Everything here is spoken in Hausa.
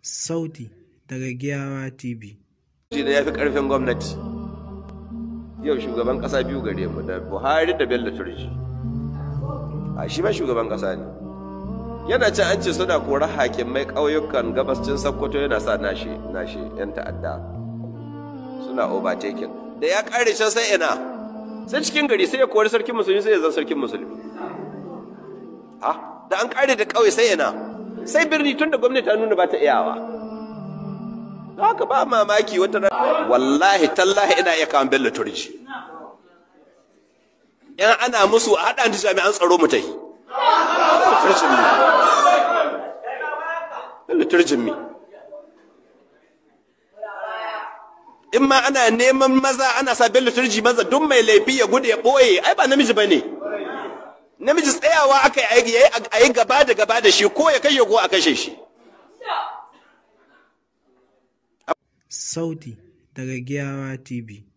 Sauti daga Giyawa TV. da ya fi ƙarfin gwamnati. Yau shugaban ƙasa biyu gare mu da Buhari da Bello Turji. A shi ma shugaban ƙasa ne. Yana can an ce suna kora mai ƙauyukan gabascin Sokoto yana sa nashe nashe 'yan ta'adda. Suna overtaking. Da ya kare can sai ina. Sai cikin gari sai ya kori sarkin musulmi sai ya zan sarkin musulmi. Ha? Da an kare da ƙauye sai ina. sai birni tun da gwamnati ta nuna ba ta iyawa haka ba mamaki wata rana wallahi tallahi ina iya kawo bello turji yan ana musu a haɗa da jami'an tsaro mu ta yi liturjin mi in ma ana neman maza ana sa bello turji maza duk mai laifi ya gudu ya ɓoye ai ba namiji ba ne namiji tsayawa aka yi a gaba da gaba da shi ko ya kashe ko a kashe shi sauti daga giyawa tv